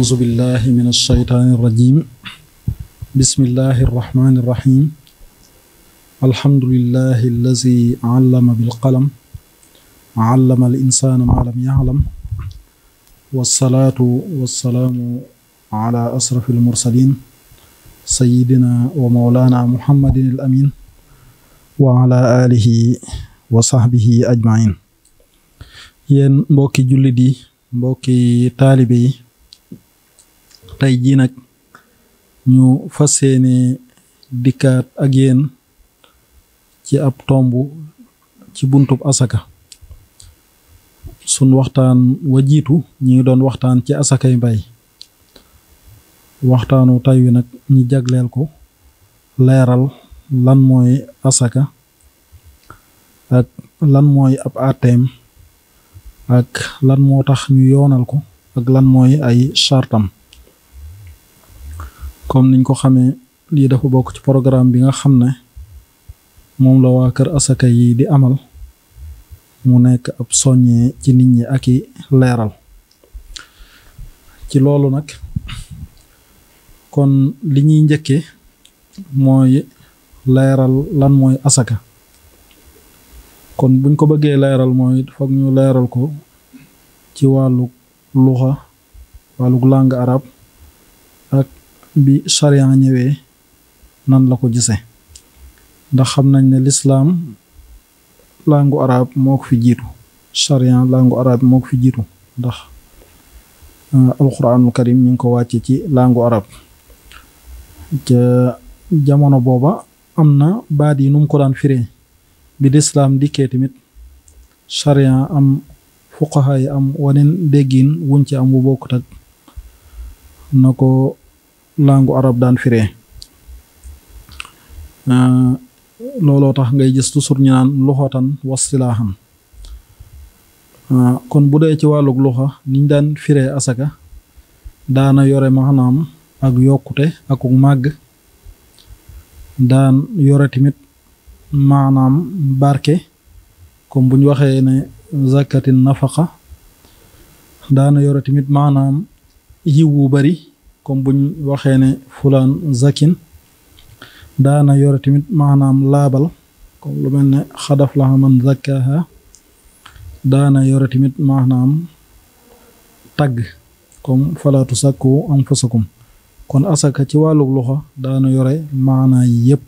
أعوذ بالله من الشيطان الرجيم بسم الله الرحمن الرحيم الحمد لله الذي علم بالقلم علم الإنسان ما لم يعلم والصلاة والسلام على أشرف المرسلين سيدنا ومولانا محمد الأمين وعلى آله وصحبه أجمعين ين بوكي جلدي بوكي طالبي tey jii nag ñu fa yéene dikkaat ak yéen ci ab tomb ci buntub asaka sun waxtaan wa jiitu ñu ngi doon waxtaan ci asakay mbay waxtaanu tay wi nag ñu jagleel ko leeral lan mooy asaka ak lan mooy ab àtteem ak lan moo tax ñu yoonal ko ak lan mooy ay chartam comme niñ ko xamé li dafa bok ci programme bi nga xamné mom la wa kër asaka yi di amal mu nekk ab soñé ci nit ñi ak léral ci loolu nak kon li ñi ñëkke moy léral lan moy asaka kon buñ ko bëggee léral moy foog ñu léral ko ci walu luxa walu langue arab ak bi charian ñëwee nan la ko gisee ndax xam nañ ne lislaam langu arab moo ko fi jiitu charian langu arab moo ko fi jiitu ndax euh, alquranul karim ñu ngi ko wàcce ci langu arab jamono booba am na baat yi num ko daan firee bi lislaam dikkee tamit charian am fuqaha am waneen déggin wuñ ci am bu bokkut ak na ko langue arab daan firee euh, looloo tax ngay gis toujours ñu naan luxatan wastilaaxan euh, kon bu dee ci wàllug luxa niñ daan firee asaka daana yore maanaam ak yokkute ak màgg daan yore tamit maanaam barke comme bu ñu waxee ne zakatin nafaqa daana yore tamit maanaam yiw wu bari comme buñ waxee ne fulaan zakin daana yore tamit maanaam laabal comme lu mel ne xadaf laha man zakkaha daana yore tamit maanaam tagg kom falaatu sakku anfusakum kon asaka ci wàllug loxo daana yore maanaa yi yëpp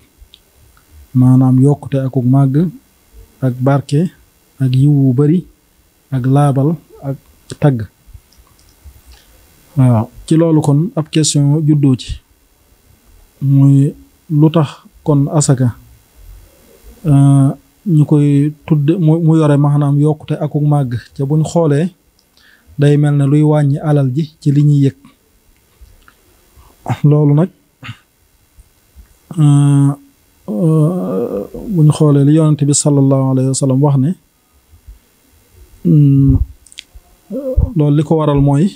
maanaam yokkute akuk màgg ak barke ak yiw wu bari ak laabal ak tagg waaw ci loolu kon ab question juddoo ci muy lu tax kon asaka euh, ñu koy tudd mu mu yore maanaam yokkute akuk màgg ca buñ xoolee day mel ne luy wàññi alal ji ci li ñuy yëg loolu nag euh, euh, buñ xoolee li yonent bi sallallahu alayhi wax ne hmm, loolu li ko waral mooy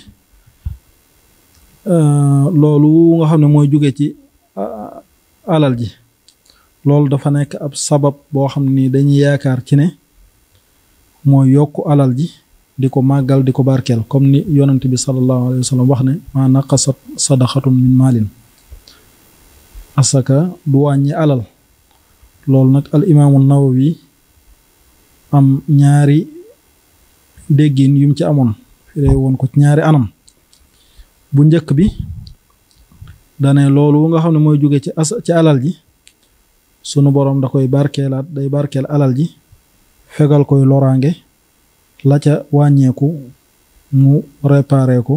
Euh, loolu nga xam ne mooy jóge ci euh, alal ji loolu dafa nekk ab sabab boo xam ni dañuy yaakaar ci ne mooy yokk alal ji di ko màggal di ko barkeel comme ni yonent bi sallallahu alayhi wa sallam wax ne maa naqasat sadaqatun min maalin asaka du wàññi alal loolu nag al imaamu nawawi am ñaari déggin yum ci amoon firee woon ko ci ñaari anam bu njëkk bi dane loolu nga xam ne mooy jóge ci as ci alal ji sunu boroom da koy barkeelaat day barkeel alal ji fegal koy loraange la ca wàññeeku mu réparé ko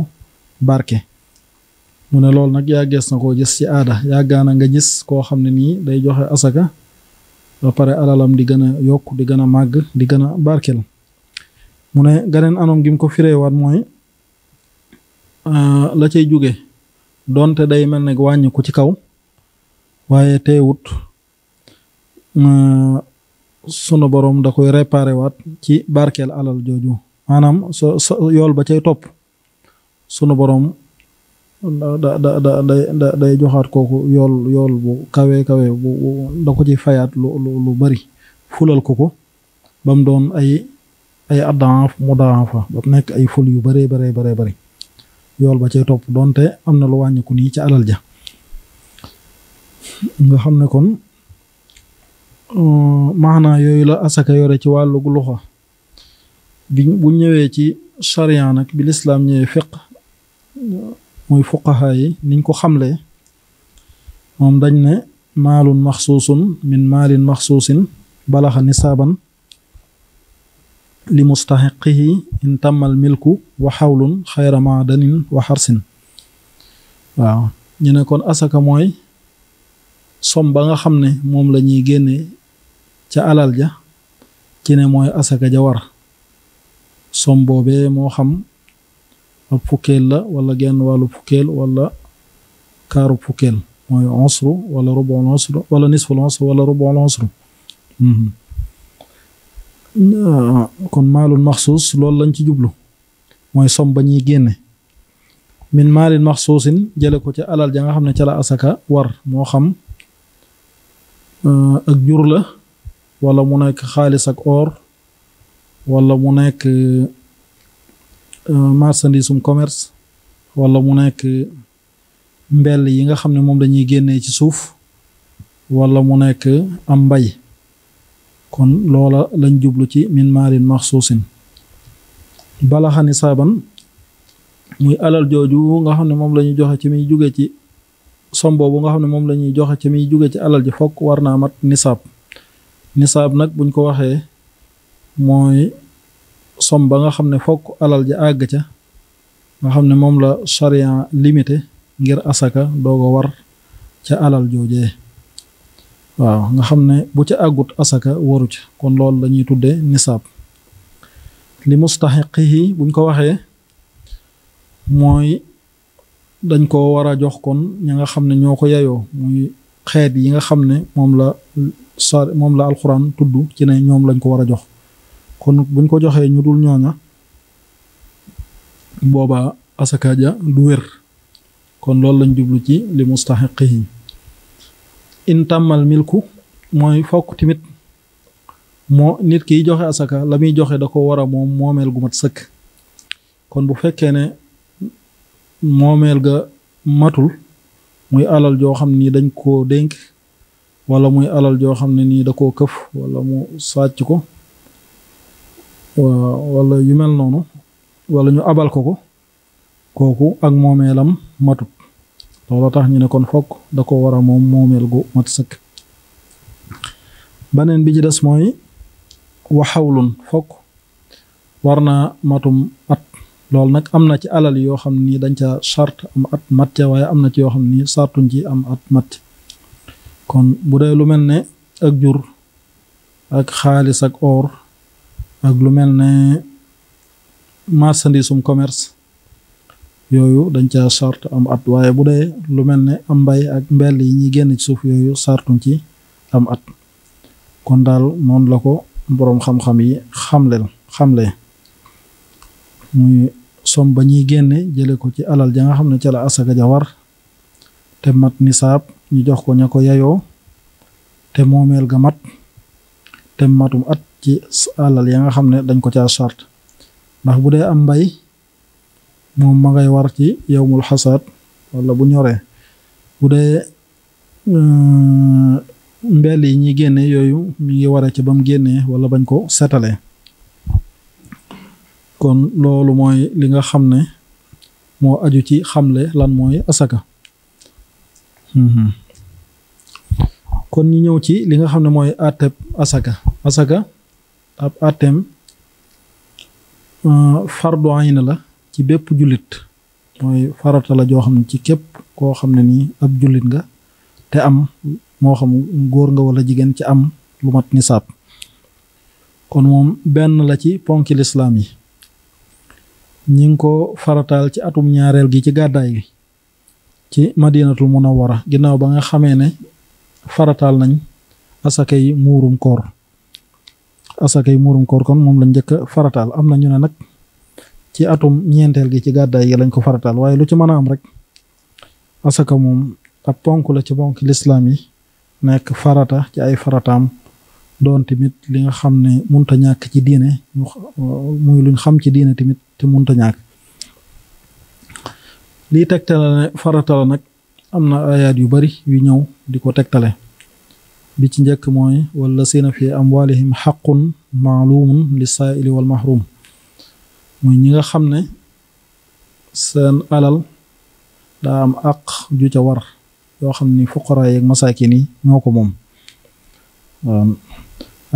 barke mu ne loolu nag yaa gees na ko gis ci aada yàggaana nga gis koo xam ne nii day joxe asaka ba pare alalam di gën a yokk di gën a màgg di gën a barkeel mu ne ganeen anam gi mu ko fireewaat mooy Euh, la cay jóge donte day mel ne wàññiku ci kaw waaye wut euh, sunu borom da koy réparé waat ci barkeel alal jooju maanaam so yool ba cay topp sunu borom da day joxaat kooku yool yool bu kawe kawe bu da ko ci fayaat lu lu bari fulal ko ko ba doon ay ay addaaf mu daafa ba nekk ay ful yu baree baree baree bari yool ba cee topp donte am na lu wàññiku nii ci alal ja nga xam ne kon uh, maanaa yooyu la asaka yore ci wàllu luxa bi bu ñëwee ci charia nag bilislam lislaam ñëwee fiq mooy fuqaha yi niñ ko xamlee moom dañ ne maalun maxsuusun min maalin maxsuusin balaxa nisaaban li mustaxiqihi in tàmmal milku wa xawlun xayra maadanin wa xarsin waaw ñu ne kon asaka mooy som ba nga xam ne moom la ñuy génne ca alal ja ci ne mooy asaka ja war som boobee moo xam ab fukkeel la wala genn wàllu fukkeel walla kaaru fukkeel mooy onsru wala rubul onsru wala nisful onsru wala rubul onsru mhm. kon malun makhsus lol lañ ci jublu moy som bañi ñuy min maalin makhsusin jële ko ci alal ja nga xamné ci la asaka war mo xam euh, ak jur la wala mu nek khalis ak or wala mu nekk euh, marchandisum commerce wala mu nek mbell yi nga xamné mom dañuy génnee ci souf wala mu nek am kon loola lañ jublu ci min maalin maxsuusin balaxa nisaaban muy alal jooju nga xam ne moom la ñuy joxe ci muy juge ci som boobu nga xam ne moom la ñuy joxe ci muy jóge ci alal ji fokk war naa mat nisaab nisaab nag buñ ko waxee mooy som ba nga xam ne fokk alal ji àgg ca nga xam ne moom la charian limité ngir asaka ko war ca alal joojee waaw nga xam ne bu ca àggut asaka waru ca kon loolu la ñuy tuddee nisaab li mustaxiqihi buñ ko waxee mooy dañ ko war a jox kon ña nga xam ne ñoo ko yayoo muy xeet yi nga xam ne moom la sa moom la alxuraan tudd ci ne ñoom lañ ko war a jox kon buñ ko joxee ñu dul ñooña boobaa asaka ja du wér kon loolu lañ jublu ci li mustaxiqihi in tàmmal milku mooy fokk tamit moo nit kiy joxe asaka la muy joxe da ko war a moom moomeel gu mat sëkk kon bu fekkee ne moomeel ga matul muy alal joo xam ni dañ koo dénk walla muy alal joo xam ne nii da koo këf wala mu sàcc ko wala yu noonu wala ñu abal ko ko kooku ak moomeelam matut looloo tax ñu ne kon fokk da ko war a moom moomeel gu mat sëkk beneen bi ci des mooy waxawlun fokk war na matum at loolu nag am na ci alal yoo xam ni dañ ca charte am at mat ca waaye am na ci yoo xam ni sartuñ ci am at mat kon bu dee lu mel ne ak jur ak xaalis ak or ak lu mel ne marchandisum commerce yoyu dañ ca sort am at waye bu dee lu mel am bay ak mbell yi ñi genn ci suuf yoyu sartuñ ci am at kon dal non la ko borom xam-xam yi xamlel xamle muy som ba ñi genn jele ko ci alal ja nga xamne ci la asaga ja war te mat nisab ñu jox ko ñako yayo te momel ga mat te matum at ci alal ya nga xamne dañ ko ca sart ndax bu dee am mbay moom ma ngay war ci yowmul xasaad wala bu ñoree bu dee euh, mbel yi ñi génne yooyu mi ngi ware ci ba mu génnee wala bañ ko setalee kon loolu mooy li nga xam ne moo aju ci xamle lan mooy asaka mhm. kon ñu ñëw ci li nga xam ne mooy àtteb asaka asaka ab àtteem euh, fardu ayn la ci bépp julit mooy farata la joo xam ne ci képp koo xam ne nii ab julit nga te am moo xam góor nga wala jigéen ci am lu mat nisaab kon moom benn la ci ponki lislaam yi ñi ngi ko farataal ci atum ñaareel gi ci gàddaay gi ci madinatul munawwara ginnaaw ba nga xamee ne farataal nañ asakay muurum koor asakay muurum koor kon moom lañ njëkk farataal am na ñu ne nag ci atum ñeenteel gi ci gàddaay gi lañ ko farataal waaye lu ci mën a am rek asaka moom ab ponk la ci ponk lislaam yi nekk farata ci ay farataam doon tamit li nga xam ne munta ñàkk ci diine muy luñ xam ci diine tamit te munta ñàkk lii tegtale ne farata nag am na ayaat yu bari yu ñëw di ko tegtale bi ci njëkk mooy wala sina fi amwalihim xaqun maalumun li saaili wal mahrum muy ñi nga xam ne seen alal daa am àq ju ca war yoo xam ni fuqara yeeg masaakin yi ñoo ko moom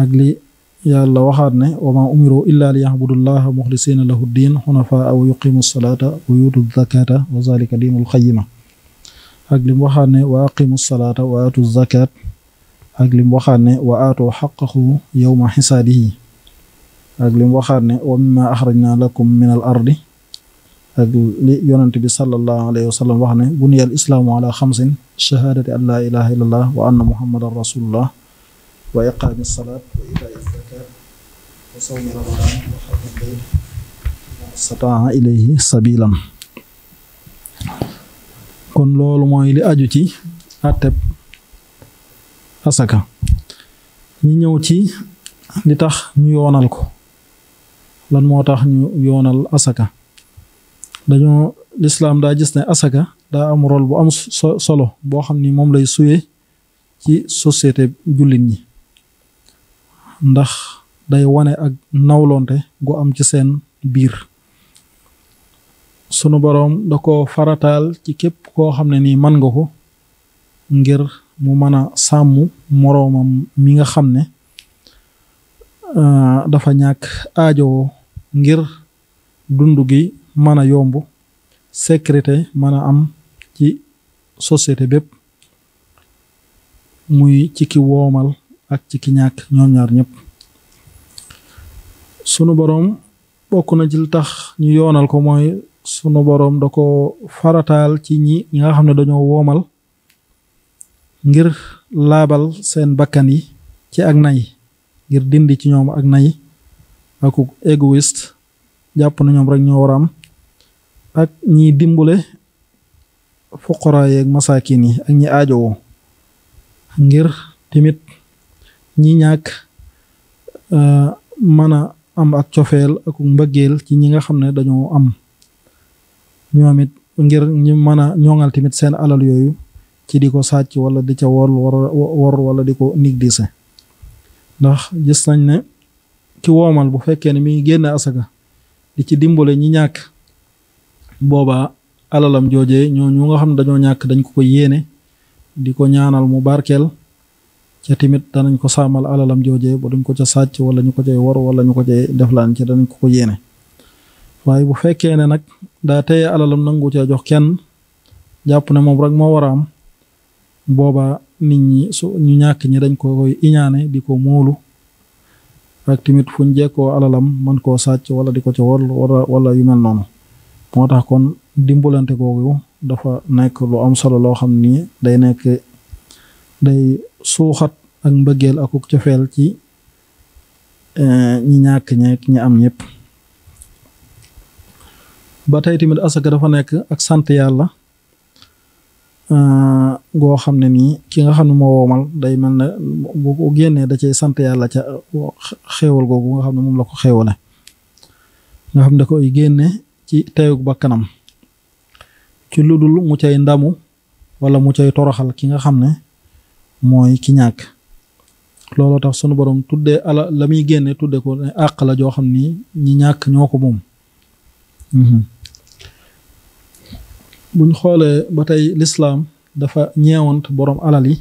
ak li yàlla waxaat ne wa maa umiru illa li yaxbudullaha muxlisina lahu diin xunafaa wa yuqimu salaata wa yuutu zakata wa zalika diinul xayima ak lim waxaat ne wa aqimu salaata wa aatu zakat ak lim waxaat ne wa aatu xaqahu yowma xisaadihi ak lim waxaat ne wa mimma axrajna lakum min al ardi ak li yonent bi sallallahu alayhi wa sallam wax ne buniyal islaamu ala xamsin shahaadati an laa ilaha illallah wa anna muhammadan rasulullah wa iqaami salaat wa itaai zakat wa sawmi ramadan wa xajji bayt stataa ilayhi sabilan kon loolu mooy li aju ci àtteb asaka ñi ñëw ci li tax ñu yoonal ko lan moo tax ñu yoonal asaka dañoo lislaam daa gis ne asaka daa am rôle bu am solo boo xam ni moom lay suyee ci société jullit ñi ndax day wane ak nawlonte gu am ci seen biir sunu boroom da ko farataal ci képp koo xam ne nii man nga ko ngir mu mën a sàmm moroomam mi nga xam ne euh, dafa ñàkk aajowoo ngir dundu gi mën a yomb sécurité mën a am ci société bépp muy ci ki woomal ak ciki ki ñàkk ñoom ñaar ñëpp sunu boroom bokk na ci li tax ñu yoonal ko mooy sunu boroom da ko farataal ci ñi nga xam ne dañoo woomal ngir laabal seen bakkan yi ci ak nay ngir dindi ci ñoom ak nay ak egoist japp na ñom rek ñoo war am ak ñi dimbulé fuqara ak masakin yi ak ñi aajo ngir timit ñi ñak euh mana am ak ciofel ak mbeggel ci ñi nga xamne am ñoom ngir ñi mana ñongal timit seen alal yoyu ci diko ko wala di ca wor wor wala diko ko nigdise ndax gis nañ ne ki woomal bu fekkee ne mi ngi génne asaka di ci dimbale ñi ñàkk boobaa alalam joojee ñoo ñu nga xam ne dañoo ñàkk dañ ko ko yéene di ko ñaanal mu barkeel ca timit danañ ko sàmmal alalam joojee ba duñ ko ca sàcc wala ñu ko cay wor wala ñu ko def laan ci danañ ko ko yéene waaye bu fekkee ne nag daa teye alalam nangu cee jox kenn jàpp na moom rek moo war a am boobaa nit ñi su ñu ñàkk ñi dañ ko iñaane di ko móolu ak tamit fuñ jekkoo alalam man koo sàcc wala di ko ca wol wala yu mel noonu moo tax kon dimbalante googu dafa nekk lu am solo loo xam nii day nekk day suuxat ak mbëggeel akuk cofeel ci eh, ñi ñàkk ñeek ñi am ñëpp ba tey tamit asaka dafa nekk ak sant yàlla Euh, goo xam ne nii ki nga xam ne moo woomal day mel ne bu génnee da cay sant yàlla ca xéewal googu nga xam ne moom la ko xéewale nga xam ne da koy génne ci ba kanam ci lu dul mu cay ndamu walla mu cay toroxal ki nga xam ne mooy ki ñàkk looloo tax sunu borom tuddee ala la muy génne tudde ko àq la joo xam ni ñi ñàkk ñoo ko moom mhm. buñ xoolee ba tey lislaam dafa ñeewant borom alal yi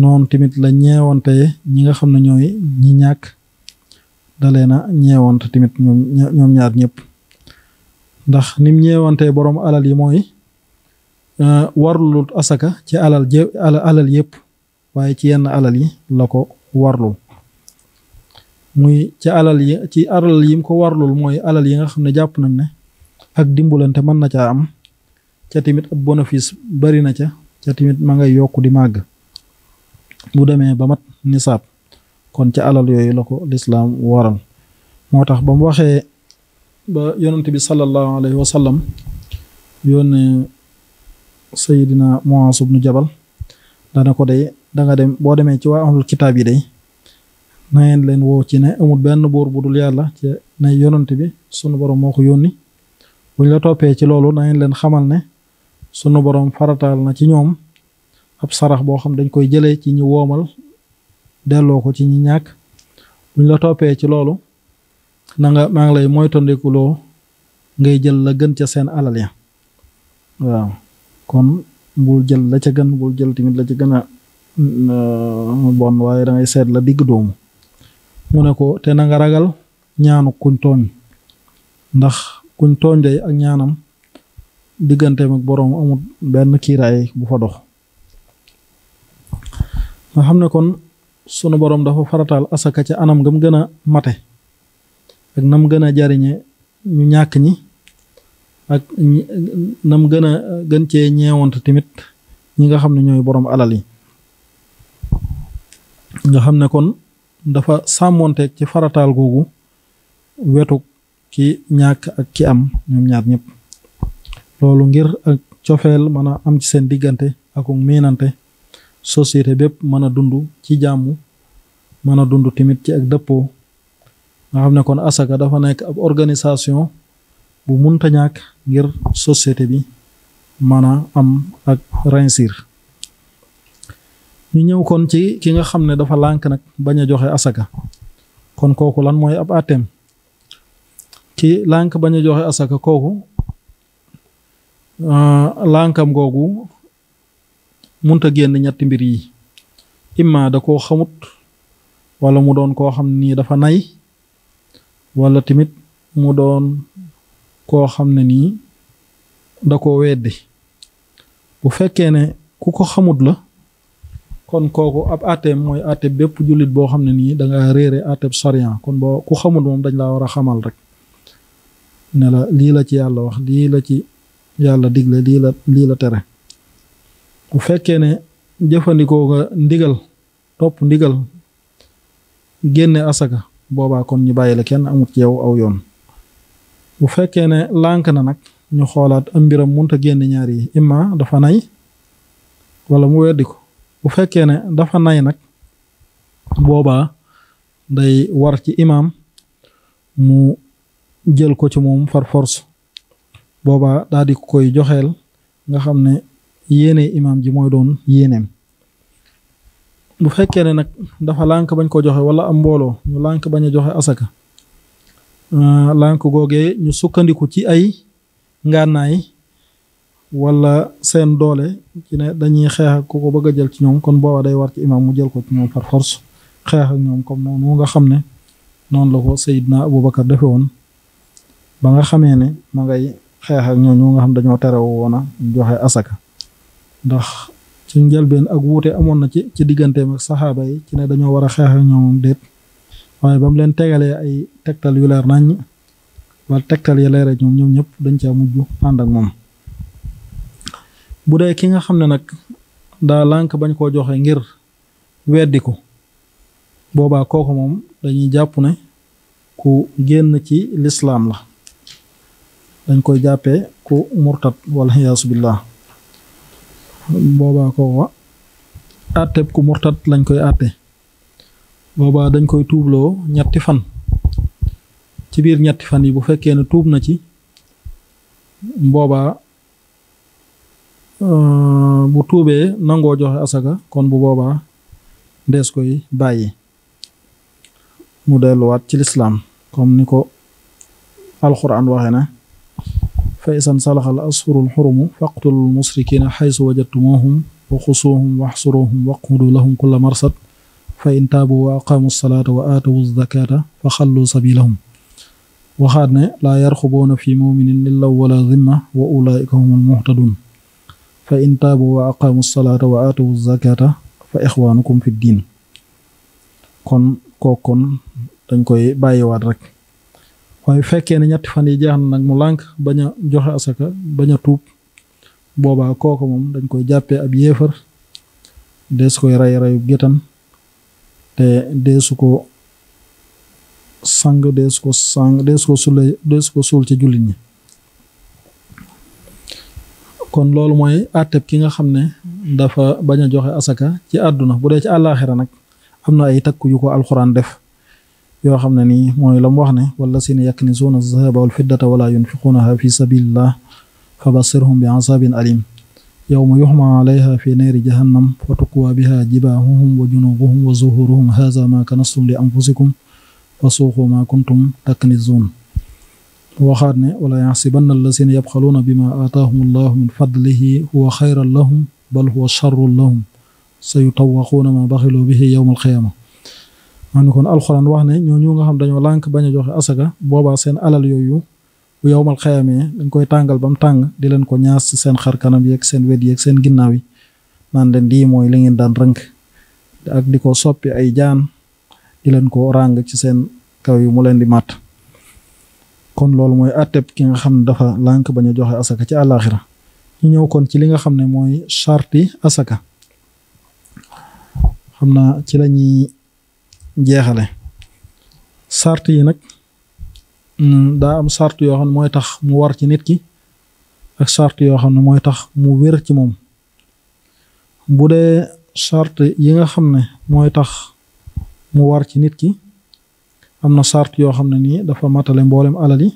noon tamit la ñeewantee ñi nga xam ne ñooy ñi ñàkk dalee na ñeewant tamit ñoom ñaar ñëpp ndax nim ñeewantee boroom alal yi mooy euh, warlul asaka ci alal je alal yëpp waaye ci yenn alal yi la ko warlul muy ci alal yi ci alal yi mu ko warlul mooy alal yi nga xam ne jàpp nañ ne ak dimbalante mën na caa am ca timit ab bénéfice bari na ca ca timit ma ngay yokku di màgg bu demee ba mat nisaab kon ca alal yooyu la ko lislaam waral moo tax ba mu waxee ba yonent bi sallallahu alayhi wa sallam yónne sayidina Muaas ibnu Jabal dana ko day danga dem boo demee ci waa ahlul kitaab yi day nayen ngeen leen woo ci ne amul benn buur bu dul yàlla ci ne yonent bi sunu borom moo ko buñ la toppee ci loolu nayen xamal ne sunu borom farataal na ci ñoom ab sarax boo xam dañ koy jëlee ci ñi woomal delloo ko ci ñi ñàkk buñ la toppee ci loolu nanga maa ngi lay moytandikuloo ngay jël la gën ca seen alal ya waaw kon bul jël la ca gën bul jël tamit la ca gën a euh, bon waaye da seet la digg doomu mu ne ko te na nga ragal ñaanu kuñ tooñ ndax kuñ tooñ day ak ñaanam digganteem ak boroom amul benn kiiraay bu fa dox nga xam ne kon sunu boroom dafa farataal asaka ca anam gam gën a mate ak nam gën a jariñe ñu ñàkk ñi ak nam gën a gën cee ñeewant tamit ñi nga xam ne ñooy boroom alal yi nga xam ne kon dafa sàmmoonteeg ci farataal googu wetu ki ñàkk ak ki am ñoom ñaar ñëpp loolu ngir ak cofeel mën a am ci seen diggante ak miinante société bépp mën a dund ci jàmm mën a dund timit ci ak dëppoo nga xam ne kon asaka dafa nekk ab organisation bu munta ñàkk ngir société bi mën a am ak réussir ñu ñëw kon ci ki nga xam ne dafa lànk nag bañ a joxe asaka kon kooku lan mooy ab àtteem ki lànk bañ a joxe asaka kooku Ah, lankam gogu munta genn ñatt mbir yi imma da ko xamut wala mu doon koo xam ni dafa nay wala timit mu doon koo xam ne nii da ko weddi bu fekkee ne ku ko xamut la kon kooku ab atem mooy atem bépp jullit boo xam ne nii da nga réere sarian kon bo ku xamut moom dañ laa war a xamal rek ne la lii la ci yàlla wax lii la ci yàlla dig la lii la tere bu fekkee ne jëfandikoo nga ndigal topp ndigal génne asaka boobaa kon ñu bàyyi la kenn amut ci yaw aw yoon bu fekkee ne lànk na nag ñu xoolaat am mbiram munta génne ñaar yi imma dafa nay wala mu weddi ko bu fekkee ne dafa nay nag boobaa day war ci imaam mu jël ko ci moom far force boobaa daal di koy joxeel nga xam ne yéene imaam ji mooy doon yéeneem bu fekkee ne nag dafa lànk bañ ko joxe wala am mbooloo ñu lànk bañ a joxe asaka euh, lànk googee ñu sukkandiku ci ay ngànnaay wala seen doole ci ne dañuy xeex ku ko bëgg jël ci ñoom kon booba day war ci imaam mu jël ko ci ñoom par force xeex ñoom comme noonu nga xam ne noonu la ko Seydina Abubakar defe woon ba nga xamee ne ma ngay xeex ak ñooñu nga xam dañoo terew woon a joxe asaka ndax ci njëlbeen ak wuute amoon na ci ci digganteem ak saxaaba yi ci ne dañoo war a xeex ak ñoom déet waaye ba leen tegalee ay tegtal yu leer nañ wala tegtal ya leere ñoom ñoom ñëpp dañ caa mujj ànd ak moom bu dee ki nga xam ne nag daa lànk bañ koo joxe ngir weddi ko boobaa kooku moom dañuy jàpp ne ku génn ci lislaam la dañ koy jàppe ku murtat wala yaasu billah boobaa ko wa ku murtat lañ koy àtte boobaa dañ koy tuubloo ñetti fan ci biir ñetti fan yi bu fekkee ne tuub na ci mboobaa euh, bu tuubee nangoo joxe asaka kon bu boobaa ndees koy bàyyi mu delluwaat ci lislaam comme ni ko alxuraan waxe na فإذا انسلخ الأصفر الحرم فاقتلوا المشركين حيث وجدتموهم وخصوهم واحصروهم واقعدوا لهم كل مرصد فإن تابوا وأقاموا الصلاة وآتوا الزكاة فخلوا سبيلهم وخادنا لا يرخبون في مؤمن إلا ولا ذمة وأولئك هم المهتدون فإن تابوا وأقاموا الصلاة وآتوا الزكاة فإخوانكم في الدين كون كون دنجكوي باي وات رك way fekke ne ñatt fan yi jeexna nak mu lank baña asaka baña a boba koko mom dañ koy jappé ab yéfer des koy ray ray gétan té des ko sang des ko sang desko ko sule des ko sul ci jullit ñi kon lool moy atep ki nga dafa baña Joha joxe asaka ci aduna bu dé ci alakhirah nak amna ay takku yu ko alcorane def yo xam ni moy lam wax ne wala sin ne az zahaba wal fiddata wala yunfiqunaha fi sabilillah fabashirhum bi'azabin alim yawma yuhma alayha fi naari jahannam fa biha jibahuhum wa junubuhum wa zuhuruhum hadha ma kanastum li anfusikum fasuqu ma kuntum taknizun waxaat ne wala yahsibanna allatheena yabkhaluna bima ataahum allahu min fadlihi huwa khayran lahum bal huwa sharrun lahum sayutawwaquuna ma bakhilu bihi yawm al-qiyamah ma ne kon alxuraan wax ne ñoo ñooñu nga xam dañoo lànk bañ a joxe asaka boobaa seen alal yooyu bu yowmal xayamee dañ koy tàngal ba tàng di leen ko ñaas ci seen xar kanam yeeg seen wet yeeg seen ginnaaw yi man leen lii mooy li ngeen daan rënk ak di ko soppi ay jaan di leen ko ràng ci seen kaw yu mu leen di màtt kon loolu mooy atteb ki nga xam ne dafa lànk bañ joxe asaka ci àllaaxira ñu ñëw kon ci li nga xam ne mooy charti asaka xam naa ci lañuy jeexale sart yi nag mm, daa am sart yoo xam ne mooy tax mu war ci nit ki ak sart yoo xam ne mooy tax mu wér ci moom bu dee sart yi nga xam ne mooy tax mu war ci nit ki am na sart yoo xam ne nii dafa matale mboolem alal yi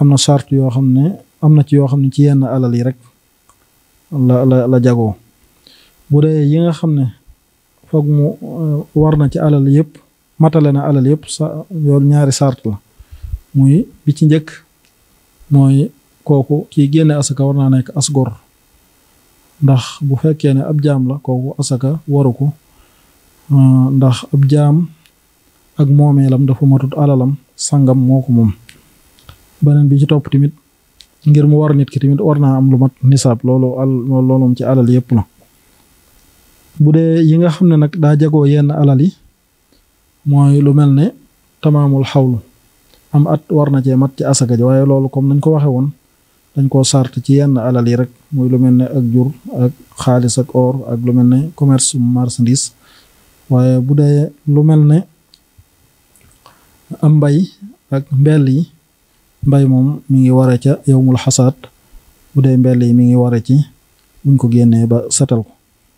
am na sart yoo xam ne am na ci yoo xam ne ci yenn alal yi rek la la la jagoo bu dee yi nga xam ne fogg mu eh, war na ci alal yépp matale na alal yépp sa yool ñaari sart la muy bi ci njëkk mooy kooku kii génne asaka war naa nekk asgor ndax bu fekkee ne ab jaam la kooku asaka waru ko eh, ndax ab jaam ak moomeelam dafa matut alalam sangam moo ko moom beneen bi ci topp tamit ngir mu war nit ki tamit war naa am lu mat nisaab loolu al lolo ci alal yépp la bude yi nga xam nak da jago yenn alal yi mooy lu mel tamamul hawl am at war na mat ci asaka ji waye lolou comme nañ ko waxe won dañ ko sart ci yenn alal yi rek moy lu mel ak jur ak khalis ak or ak lu mel commerce marchandise waye bu lu mel am bay ak mbell yi mbay mom mi ngi ware ci yawmul hasad bu dee yi mi ngi ware ci buñ ko ba satal ko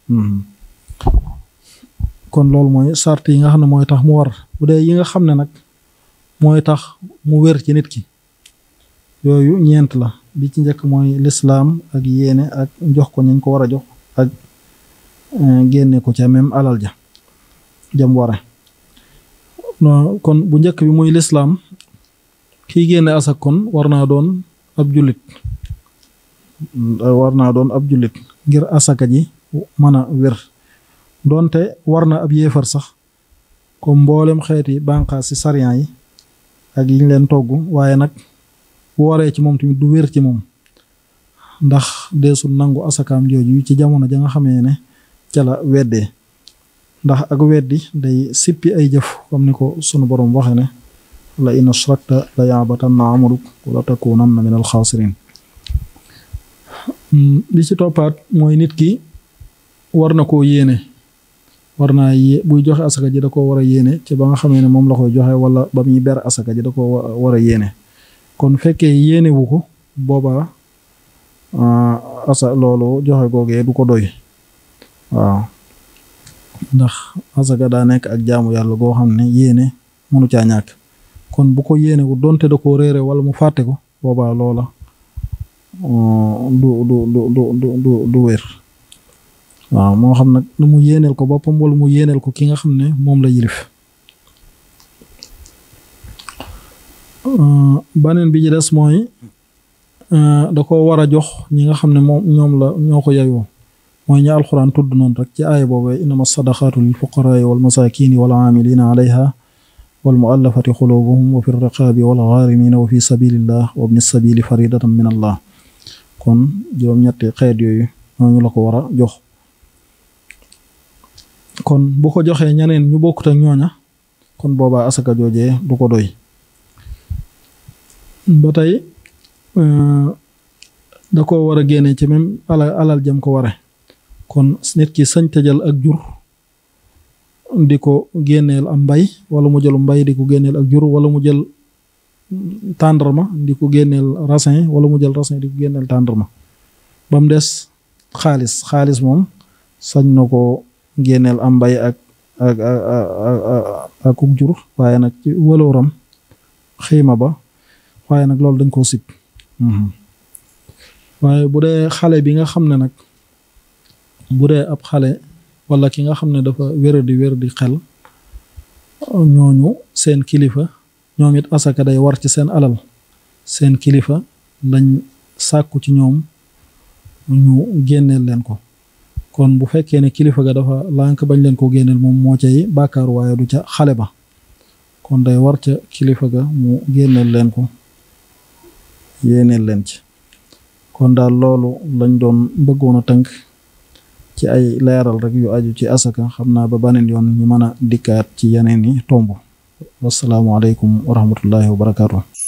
hmm kon lol mooy sart yi nga xam ne mooy tax mu war bu dee yi nga xam ne nag mooy tax mu wér ci nit ki yooyu ñeent la bi ci njëkk mooy lislaam ak yéene ak jox ko ñu ko war a jox ak eh, génne ko ca même alal ja jam ware no kon bu njëkk bi muy lislaam kii génne asak kon war naa doon ab jullit mm, war naa doon ab jullit ngir asaka ji mën a doonte war na ab yéefar sax comme mboolem xeeti bànqaas ci sariyan yi ak liñ leen togg waaye nag wooree ci moom tamit du wér ci moom ndax deesul nangu asakaam jooju ci jamono ja nga xamee ne ca la weddee ndax ak weddi day sippi ay jëf comme ni ko sunu borom waxe ne la in ashrakta la yaabatanna amaluk wala takunanna min alxaasirin hmm, li ci toppaat mooy nit ki war na koo yéene war naa yé buy joxe asaka ji da koo war a yéene ci ba nga xamee ne moom la koy joxe wala ba muy ber asaka ji da koo war a yéene kon fekkee yéene wu ko boobaa ah, asa loolu joxe googee du ko doy waaw ndax asaka daa nekk ak jaamu yàlla goo xam ne yéene mënu caa ñàkk kon bu ko yéene wu donte da koo réere wala mu fàtte ko boobaa loola uh, du du du du waaw moo xam nag lu mu yéeneel ko boppam wala mu yéeneel ko ki nga xam ne moom la yilif baneen bi ci des mooy da ko war a jox ñi nga xam ne moom ñoom la ñoo ko yayoo mooy ñi alxuraan tudd noonu rek ci aaya boobu innama sadaqaatu lil fuqaraai wal masaakiini wal aamiliina alayha wal muallafati xulubuhum wa fi rriqaabi wal gaarimina wa fi sabilillah wa bni sabili faridatan min allah kon juróom-ñetti xeet yooyu ñooñu la ko war a jox kon bu ko joxee ñeneen ñu bokkut ak ñooña kon boobaa asaka joojee du ko doy ba tey euh, da ko war a génne ci même alal alal jëm ko ware kon nit ki sañ tëjal ak jur di ko génneel am mbay wala mu jëlu mbay di ko génneel ak jur wala mu jël tàndarma di ko génneel raisin wala mu jël raisin di ko génneel tàndarma ba des xaalis xaalis moom sañ na ko génneel am mbay ak ak ak ak jur waaye nag ci wëlooram xiima ba waaye nag loolu dañ koo sib mhm. waaye bu dee xale bi nga xam ne nag bu dee ab xale wala ki nga xam ne dafa wéradi di xel ñooñu seen kilifa ñoom it asaka day war ci seen alal seen kilifa lañ sàkku ci ñoom ñu génneel leen ko kon bu fekkee ne kilifa ga dafa lànk bañ leen ko génneel moom moo cay bàkkaar waaye du ca xale ba kon day war ca kilifa ga mu génneel leen ko yéeneel leen ci kon daal loolu lañ doon bëggoon a tënk ci ay leeral rek yu aju ci asaka xam naa ba baneen yoon ñu mën a dikkaat ci yeneen i tomb wasalaamualeykum wa rahmatullahi wa barakaatu.